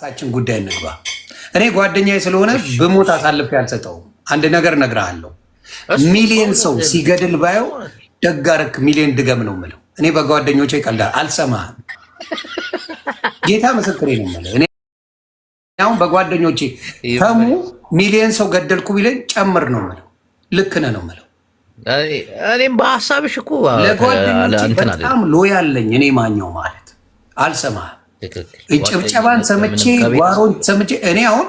ራሳችን ጉዳይ እንግባ። እኔ ጓደኛዬ ስለሆነ በሞት አሳልፌ አልሰጠውም። አንድ ነገር እነግርሃለሁ፣ ሚሊዮን ሰው ሲገድል ባየው ደጋርክ ሚሊዮን ድገም ነው የምለው። እኔ በጓደኞቼ ይቀልዳል፣ አልሰማህም። ጌታ ምስክሬ ነው የምልህ። እኔ አሁን በጓደኞቼ ተሙ ሚሊዮን ሰው ገደልኩ ቢለኝ ጨምር ነው የምለው። ልክ ነህ ነው የምለው። እኔም በሀሳብሽ እኮ ለጓደኞቼ በጣም ሎያል ነኝ እኔ ማኛው ማለት አልሰማህም ጭብጨባን ሰምቼ ዋሮን ሰምቼ እኔ አሁን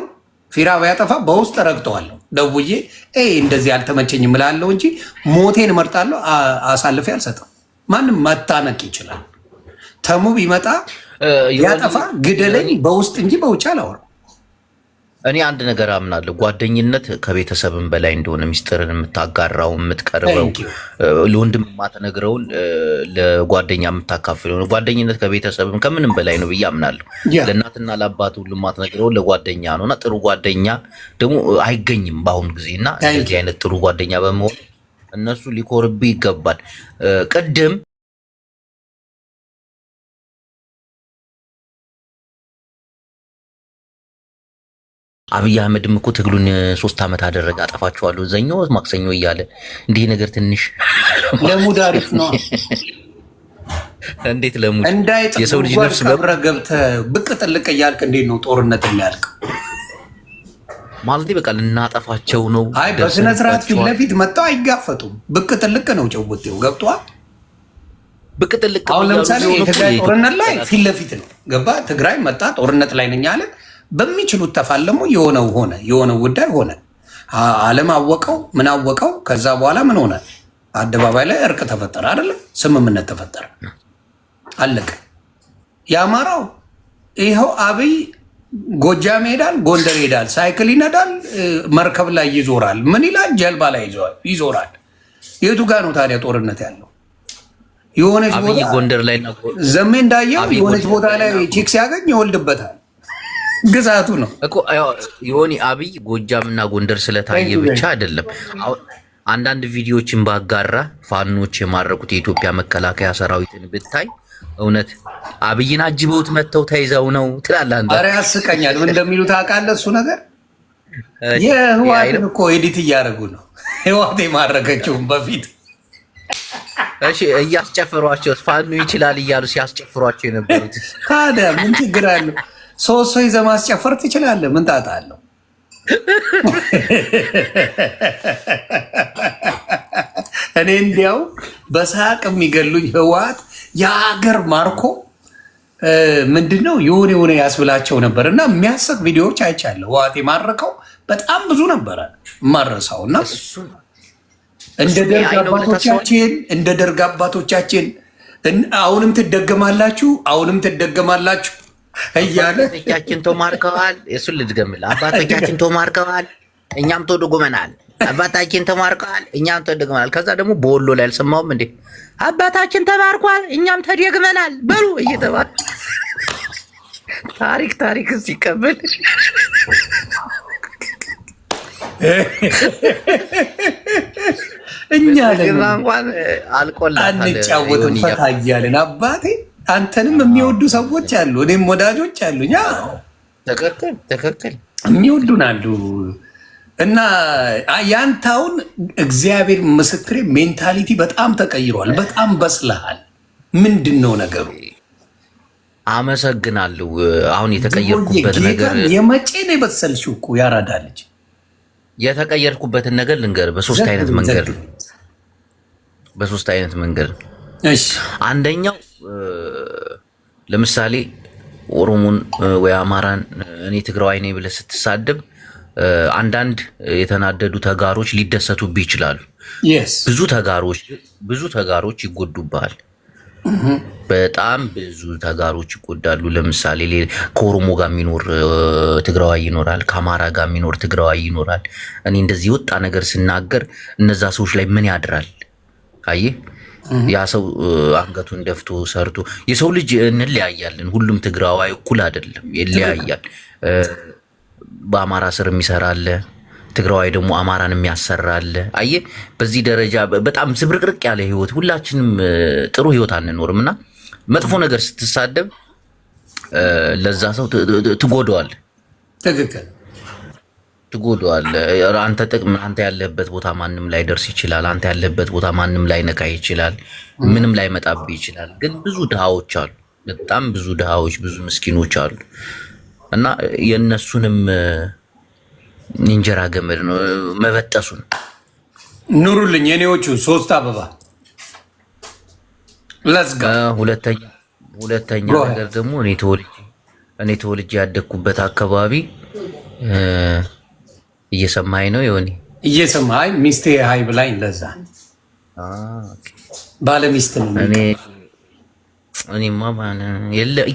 ፊራ ያጠፋ በውስጥ ረግጠዋለሁ፣ ደውዬ እንደዚህ አልተመቸኝ ምላለው እንጂ ሞቴን እመርጣለሁ። አሳልፌ አልሰጠም። ማንም መታነቅ ይችላል። ተሙ ቢመጣ ያጠፋ ግደለኝ፣ በውስጥ እንጂ በውጭ አላወራም። እኔ አንድ ነገር አምናለሁ። ጓደኝነት ከቤተሰብም በላይ እንደሆነ ሚስጥርን የምታጋራው የምትቀርበው፣ ለወንድም የማትነግረውን ለጓደኛ የምታካፍል ሆነ ጓደኝነት ከቤተሰብም ከምንም በላይ ነው ብዬ አምናለሁ። ለእናትና ለአባት ሁሉ የማትነግረውን ለጓደኛ ነው እና ጥሩ ጓደኛ ደግሞ አይገኝም በአሁኑ ጊዜ እና እንደዚህ አይነት ጥሩ ጓደኛ በመሆን እነሱ ሊኮርብ ይገባል። ቅድም አብይ አህመድም እኮ ትግሉን ሶስት ዓመት አደረገ። አጠፋችኋለሁ ዘኞ ማክሰኞ እያለ እንዲህ ነገር ትንሽ ለሙድ አሪፍ ነው። እንዴት ለሙድ የሰው ልጅ ነፍስ ገብረ ገብተ ብቅ ጥልቅ እያልክ እንዴት ነው ጦርነት የሚያልቅ? ማለት በቃ ልናጠፋቸው ነው። አይ በስነ ስርዓት ፊት ለፊት መጣው አይጋፈጡም። ብቅ ጥልቅ ነው ጨውቴው ገብቷል። ብቅ ጥልቅ አሁን ለምሳሌ የትግራይ ጦርነት ላይ ፊት ለፊት ነው ገባ። ትግራይ መጣ ጦርነት ላይ ነኝ አለን በሚችሉት ተፋለሙ። የሆነው ሆነ፣ የሆነው ጉዳይ ሆነ። ዓለም አወቀው፣ ምን አወቀው። ከዛ በኋላ ምን ሆነ? አደባባይ ላይ እርቅ ተፈጠረ አይደለም? ስምምነት ተፈጠረ፣ አለቀ። የአማራው ይኸው አብይ ጎጃም ይሄዳል፣ ጎንደር ይሄዳል፣ ሳይክል ይነዳል፣ መርከብ ላይ ይዞራል። ምን ይላል? ጀልባ ላይ ይዞራል። የቱ ጋር ነው ታዲያ ጦርነት ያለው? የሆነች ቦታ ጎንደር ላይ ዘሜ እንዳየው የሆነች ቦታ ላይ ቼክ ሲያገኝ ይወልድበታል። ግዛቱ ነው እኮ የሆነ አብይ ጎጃምና ጎንደር ስለታየ ብቻ አይደለም። አንዳንድ ቪዲዮዎችን ባጋራ ፋኖች የማረኩት የኢትዮጵያ መከላከያ ሰራዊትን ብታይ እውነት አብይን አጅበውት መጥተው ተይዘው ነው ትላለህ። ኧረ ያስቀኛል። ምን እንደሚሉ ታውቃለህ? እሱ ነገር የህዋትን እኮ ኤዲት እያደረጉ ነው። ህዋት የማረከችውን በፊት እሺ እያስጨፍሯቸው ፋኖ ይችላል እያሉ ሲያስጨፍሯቸው የነበሩት ታዲያ ምን ችግር አለው? ሶስት ሰው ይዘህ ማስጨፈር ትችላለህ። ምን ጣጣ አለው? እኔ እንዲያው በሳቅ የሚገሉኝ ህወሓት የሀገር ማርኮ ምንድን ነው የሆነ የሆነ ያስብላቸው ነበር እና የሚያስቅ ቪዲዮዎች አይቻለሁ። ህወሓት የማረከው በጣም ብዙ ነበረ የማረሳው እና እንደ ደርግ አባቶቻችን እንደ ደርግ አባቶቻችን አሁንም ትደገማላችሁ፣ አሁንም ትደገማላችሁ እያለ አባቶቻችን ተማርከዋል። የእሱን ልድገምልህ። አባቶቻችን ተማርከዋል፣ እኛም ተደጉመናል። አባታችን ተማርከዋል፣ እኛም ተደግመናል። ከዛ ደግሞ በወሎ ላይ አልሰማውም እንዴ? አባታችን ተማርኳል፣ እኛም ተደግመናል በሉ እየተባለ ታሪክ ታሪክ ሲቀበል እኛ ለእንኳን አልቆላ አንጫወትም ፈታ እያልን አባቴ አንተንም የሚወዱ ሰዎች አሉ፣ እኔም ወዳጆች አሉኝ። ትክክል ትክክል፣ የሚወዱን አሉ እና ያንታውን እግዚአብሔር ምስክሬ ሜንታሊቲ በጣም ተቀይሯል። በጣም በስልሃል። ምንድን ነው ነገሩ? አመሰግናለሁ። አሁን የተቀየርኩበት ነገር የመቼ ነው የበሰልሽው እኮ ያራዳ ልጅ። የተቀየርኩበትን ነገር ልንገር በሶስት አይነት መንገድ በሶስት አይነት መንገድ። አንደኛው ለምሳሌ ኦሮሞን ወይ አማራን እኔ ትግራዋይ ነኝ ብለህ ስትሳደብ አንዳንድ የተናደዱ ተጋሮች ሊደሰቱብህ ይችላሉ። ብዙ ተጋሮች ብዙ ተጋሮች ይጎዱብሃል። በጣም ብዙ ተጋሮች ይጎዳሉ። ለምሳሌ ከኦሮሞ ጋር የሚኖር ትግራዋይ ይኖራል፣ ከአማራ ጋር የሚኖር ትግራዋይ ይኖራል። እኔ እንደዚህ የወጣ ነገር ስናገር እነዛ ሰዎች ላይ ምን ያድራል? አየህ ያ ሰው አንገቱን ደፍቶ ሰርቶ የሰው ልጅ እንለያያለን። ሁሉም ትግራዋይ እኩል አይደለም፣ ይለያያል። በአማራ ስር የሚሰራለ አለ፣ ትግራዋይ ደግሞ አማራን የሚያሰራለ። አየ በዚህ ደረጃ በጣም ዝብርቅርቅ ያለ ህይወት፣ ሁላችንም ጥሩ ህይወት አንኖርም እና መጥፎ ነገር ስትሳደብ ለዛ ሰው ትጎደዋል። ትክክል ትጎዳዋለህ። አንተ ጥቅም አንተ ያለህበት ቦታ ማንም ላይ ደርስ ይችላል። አንተ ያለህበት ቦታ ማንም ላይ ነካ ይችላል። ምንም ላይ መጣብ ይችላል። ግን ብዙ ድሃዎች አሉ። በጣም ብዙ ድሃዎች፣ ብዙ ምስኪኖች አሉ እና የእነሱንም እንጀራ ገመድ ነው መበጠሱን ኑሩልኝ የኔዎቹ ሶስት አበባ ለዝጋ። ሁለተኛ ሁለተኛ ነገር ደግሞ እኔ ተወልጄ ያደግኩበት አካባቢ እየሰማኝ ነው ዮኒ እየሰማኝ ሚስቴ ሀይ ብላኝ ለዛ ባለሚስት ነው እኔማ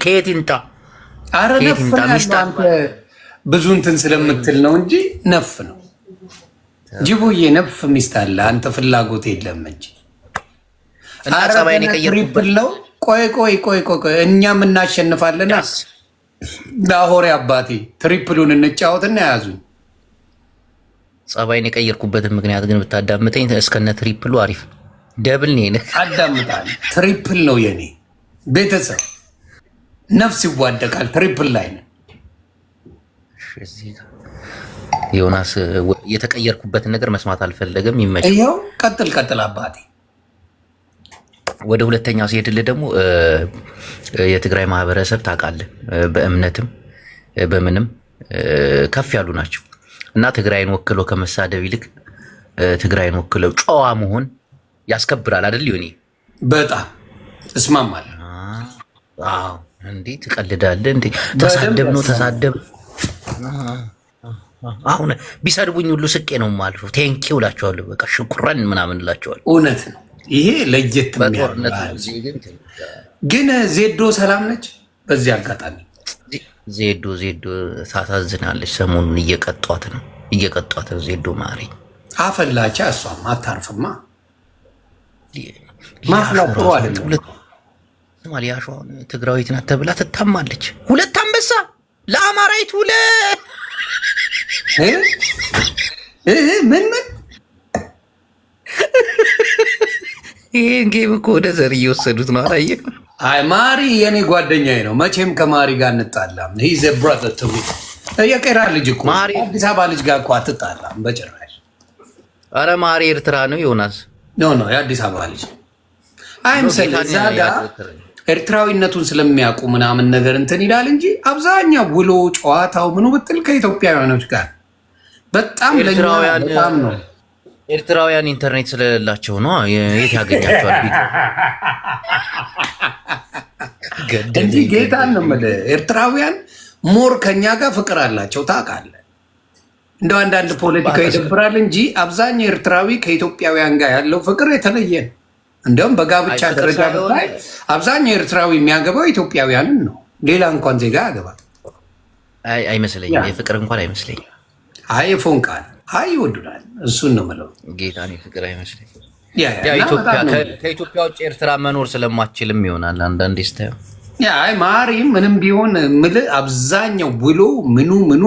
ከየት ይምጣ አረ ነፍ ብዙ እንትን ስለምትል ነው እንጂ ነፍ ነው ጅቡዬ ነፍ ሚስት አለ አንተ ፍላጎት የለም እንጂ ሪፕለው ቆይ ቆይ ቆይ ቆይ እኛም እናሸንፋለና ዳሆሬ አባቴ ትሪፕሉን እንጫወትና ያዙኝ ጸባይን የቀየርኩበትን ምክንያት ግን ብታዳምጠኝ እስከነ ትሪፕሉ አሪፍ ደብል ነ አዳምጣል። ትሪፕል ነው የኔ ቤተሰብ ነፍስ ይዋደቃል። ትሪፕል ላይ ነው ዮናስ የተቀየርኩበትን ነገር መስማት አልፈለገም። ይመችህ። ይኸው ቀጥል ቀጥል አባቴ። ወደ ሁለተኛው ሲሄድልህ ደግሞ የትግራይ ማህበረሰብ ታውቃለህ፣ በእምነትም በምንም ከፍ ያሉ ናቸው። እና ትግራይን ወክሎ ከመሳደብ ይልቅ ትግራይን ወክለው ጨዋ መሆን ያስከብራል አይደል? ይሁኔ በጣም እስማማል። እንዴ ትቀልዳለ እንዴ? ተሳደብ ነው ተሳደብ። አሁን ቢሰድቡኝ ሁሉ ስቄ ነው የማልፈው። ቴንኪ እላቸዋለሁ። በቃ ሽኩረን ምናምን እላቸዋለሁ። እውነት ነው። ይሄ ለየት ግን ዜዶ ሰላም ነች። በዚህ አጋጣሚ ዜዶ ዜዶ ታሳዝናለች። ሰሞኑን እየቀጧት ነው እየቀጧት ነው። ዜዶ ማሪ አፈላቻ እሷም አታርፍማ። ማፍላ ጥሩ አይደለም። ያሸዋን ትግራዊት ናት ተብላ ትታማለች። ሁለት አንበሳ ለአማራዊት ሁለ ምን ምን ይሄ እንጌም እኮ ወደ ዘር እየወሰዱት ነው አላየህ? አይ ማሪ የኔ ጓደኛዬ ነው። መቼም ከማሪ ጋር እንጣላም። ሂዝ ብራዘር ቱ ሚ የቄራ ልጅ እኮ አዲስ አበባ ልጅ ጋር እኮ አትጣላም በጭራሽ። አረ ማሪ ኤርትራ ነው ዮናስ። ኖ ኖ የአዲስ አበባ ልጅ አይም እዛ ጋር ኤርትራዊነቱን ስለሚያውቁ ምናምን ነገር እንትን ይላል እንጂ አብዛኛው ውሎ ጨዋታው ምኑ ብትል ከኢትዮጵያውያኖች ጋር በጣም ለኛ በጣም ነው ኤርትራውያን ኢንተርኔት ስለሌላቸው ነው። የት ያገኛቸዋል? እንዲህ ጌታ ንምል ኤርትራውያን ሞር ከኛ ጋር ፍቅር አላቸው ታውቃለህ። እንደ አንዳንድ ፖለቲካ ይደብራል እንጂ አብዛኛው ኤርትራዊ ከኢትዮጵያውያን ጋር ያለው ፍቅር የተለየ ነው። እንዲሁም በጋብቻ ደረጃ ብታይ አብዛኛው ኤርትራዊ የሚያገባው ኢትዮጵያውያንን ነው። ሌላ እንኳን ዜጋ ያገባል አይመስለኝም። የፍቅር እንኳን አይመስለኝም። አይ ፎን ቃል አይ ይወዱናል። እሱን ነው የምለው። ጌታ ፍቅር አይመስለኝ ከኢትዮጵያ ውጭ ኤርትራ መኖር ስለማችልም ይሆናል አንዳንዴ ስታየው። ማሪ ምንም ቢሆን ምል አብዛኛው ብሎ ምኑ ምኑ